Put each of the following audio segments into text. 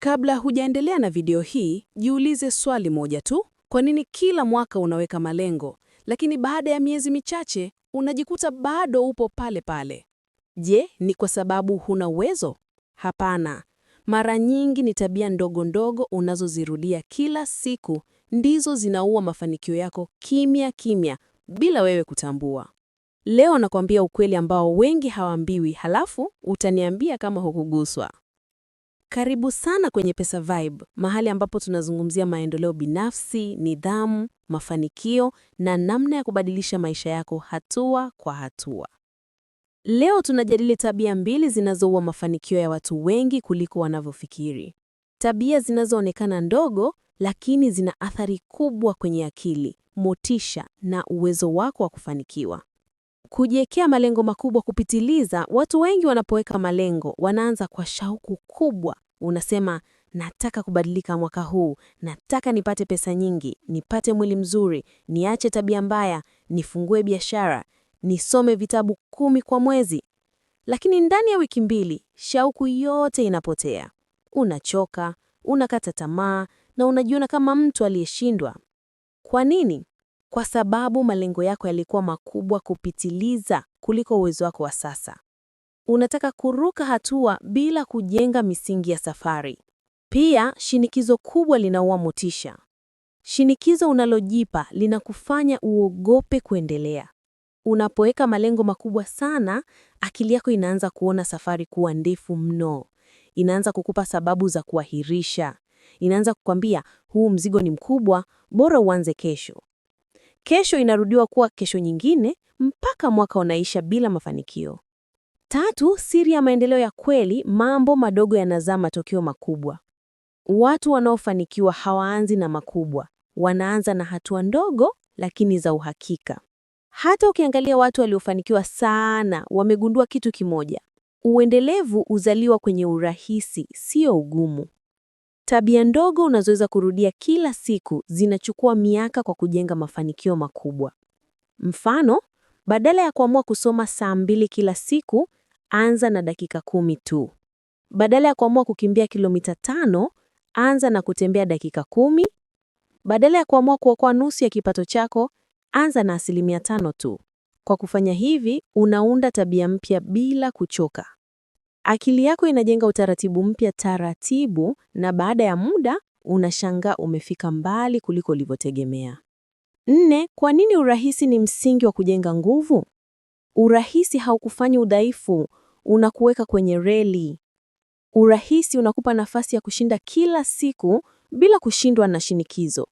Kabla hujaendelea na video hii, jiulize swali moja tu. Kwa nini kila mwaka unaweka malengo, lakini baada ya miezi michache unajikuta bado upo pale pale? Je, ni kwa sababu huna uwezo? Hapana. Mara nyingi ni tabia ndogo ndogo unazozirudia kila siku ndizo zinaua mafanikio yako kimya kimya bila wewe kutambua. Leo nakwambia ukweli ambao wengi hawaambiwi, halafu utaniambia kama hukuguswa. Karibu sana kwenye Pesa Vibe, mahali ambapo tunazungumzia maendeleo binafsi, nidhamu, mafanikio na namna ya kubadilisha maisha yako hatua kwa hatua. Leo tunajadili tabia mbili zinazoua mafanikio ya watu wengi kuliko wanavyofikiri, tabia zinazoonekana ndogo lakini zina athari kubwa kwenye akili, motisha na uwezo wako wa kufanikiwa. Kujiwekea malengo makubwa kupitiliza. Watu wengi wanapoweka malengo wanaanza kwa shauku kubwa, Unasema, nataka kubadilika mwaka huu, nataka nipate pesa nyingi, nipate mwili mzuri, niache tabia mbaya, nifungue biashara, nisome vitabu kumi kwa mwezi. Lakini ndani ya wiki mbili shauku yote inapotea. Unachoka, unakata tamaa na unajiona kama mtu aliyeshindwa. Kwa nini? Kwa sababu malengo yako yalikuwa makubwa kupitiliza kuliko uwezo wako wa sasa unataka kuruka hatua bila kujenga misingi ya safari. Pia shinikizo kubwa linaua motisha. Shinikizo unalojipa linakufanya uogope kuendelea. Unapoweka malengo makubwa sana, akili yako inaanza kuona safari kuwa ndefu mno, inaanza kukupa sababu za kuahirisha, inaanza kukwambia huu mzigo ni mkubwa, bora uanze kesho. Kesho inarudiwa kuwa kesho nyingine mpaka mwaka unaisha bila mafanikio. Tatu, siri ya maendeleo ya kweli, mambo madogo yanazaa matokeo makubwa. Watu wanaofanikiwa hawaanzi na makubwa, wanaanza na hatua ndogo lakini za uhakika. Hata ukiangalia watu waliofanikiwa sana, wamegundua kitu kimoja: uendelevu uzaliwa kwenye urahisi, sio ugumu. Tabia ndogo unazoweza kurudia kila siku zinachukua miaka kwa kujenga mafanikio makubwa. Mfano, badala ya kuamua kusoma saa mbili kila siku, anza na dakika kumi tu. Badala ya kuamua kukimbia kilomita tano, anza na kutembea dakika kumi. Badala ya kuamua kuokoa nusu ya kipato chako, anza na asilimia tano tu. Kwa kufanya hivi, unaunda tabia mpya bila kuchoka. Akili yako inajenga utaratibu mpya taratibu, na baada ya muda unashangaa umefika mbali kuliko ulivyotegemea. Nne, kwa nini urahisi ni msingi wa kujenga nguvu? Urahisi haukufanyi udhaifu, unakuweka kwenye reli. Urahisi unakupa nafasi ya kushinda kila siku bila kushindwa na shinikizo.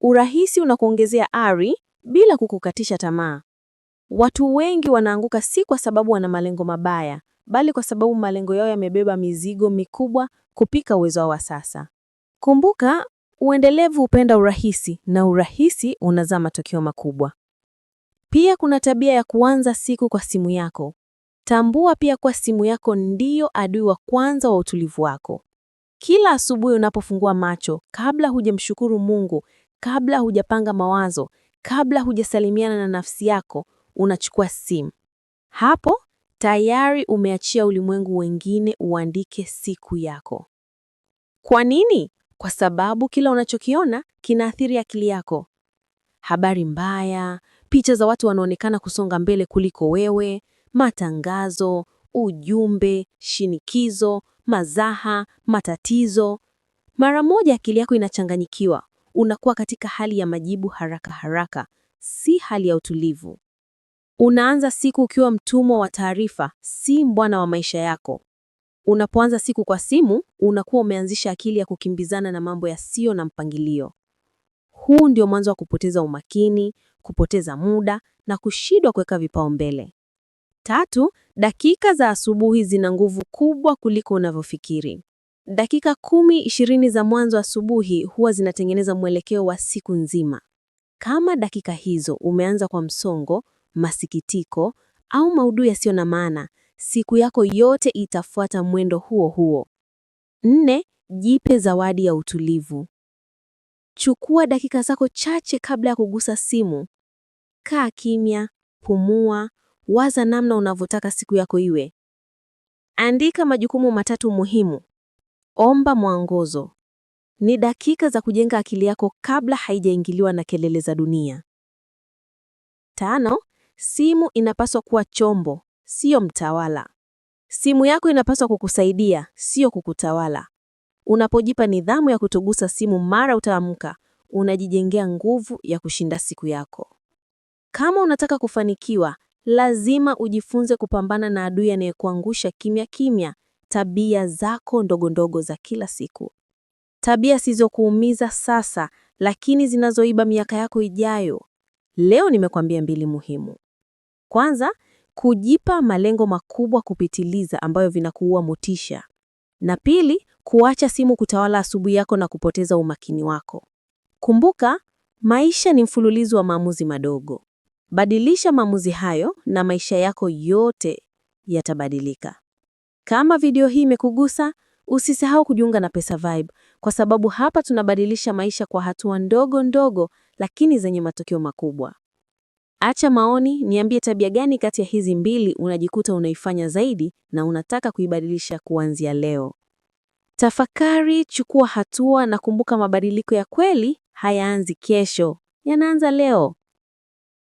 Urahisi unakuongezea ari bila kukukatisha tamaa. Watu wengi wanaanguka si kwa sababu wana malengo mabaya, bali kwa sababu malengo yao yamebeba mizigo mikubwa kupika uwezo wa sasa. Kumbuka, uendelevu hupenda urahisi na urahisi unazaa matokeo makubwa. Pia kuna tabia ya kuanza siku kwa simu yako. Tambua pia kuwa simu yako ndiyo adui wa kwanza wa utulivu wako. Kila asubuhi unapofungua macho, kabla hujamshukuru Mungu, kabla hujapanga mawazo, kabla hujasalimiana na nafsi yako, unachukua simu. Hapo tayari umeachia ulimwengu wengine uandike siku yako. Kwa nini? Kwa sababu kila unachokiona kinaathiri akili yako. Habari mbaya, picha za watu wanaonekana kusonga mbele kuliko wewe, matangazo, ujumbe, shinikizo, mazaha, matatizo. Mara moja akili yako inachanganyikiwa, unakuwa katika hali ya majibu haraka haraka, si hali ya utulivu. Unaanza siku ukiwa mtumwa wa taarifa, si bwana wa maisha yako. Unapoanza siku kwa simu, unakuwa umeanzisha akili ya kukimbizana na mambo yasiyo na mpangilio. Huu ndio mwanzo wa kupoteza umakini, kupoteza muda na kushindwa kuweka vipaumbele. Tatu, dakika za asubuhi zina nguvu kubwa kuliko unavyofikiri. Dakika kumi ishirini za mwanzo asubuhi huwa zinatengeneza mwelekeo wa siku nzima. Kama dakika hizo umeanza kwa msongo, masikitiko au maudhui yasiyo na maana, siku yako yote itafuata mwendo huo huo. Nne, jipe zawadi ya utulivu. Chukua dakika zako chache kabla ya kugusa simu Kaa kimya, pumua, waza namna unavyotaka siku yako iwe. Andika majukumu matatu muhimu. Omba mwongozo. Ni dakika za kujenga akili yako kabla haijaingiliwa na kelele za dunia. Tano, simu inapaswa kuwa chombo, siyo mtawala. Simu yako inapaswa kukusaidia, siyo kukutawala. Unapojipa nidhamu ya kutogusa simu mara utaamka, unajijengea nguvu ya kushinda siku yako. Kama unataka kufanikiwa, lazima ujifunze kupambana na adui anayekuangusha kimya kimya, tabia zako ndogo ndogo za kila siku, tabia zisizokuumiza sasa, lakini zinazoiba miaka yako ijayo. Leo nimekwambia mbili muhimu. Kwanza, kujipa malengo makubwa kupitiliza ambayo vinakuua motisha, na pili, kuacha simu kutawala asubuhi yako na kupoteza umakini wako. Kumbuka, maisha ni mfululizo wa maamuzi madogo. Badilisha maamuzi hayo na maisha yako yote yatabadilika. Kama video hii imekugusa, usisahau kujiunga na PesaVibe kwa sababu hapa tunabadilisha maisha kwa hatua ndogo ndogo lakini zenye matokeo makubwa. Acha maoni, niambie tabia gani kati ya hizi mbili unajikuta unaifanya zaidi na unataka kuibadilisha kuanzia leo. Tafakari, chukua hatua na kumbuka mabadiliko ya kweli hayaanzi kesho, yanaanza leo.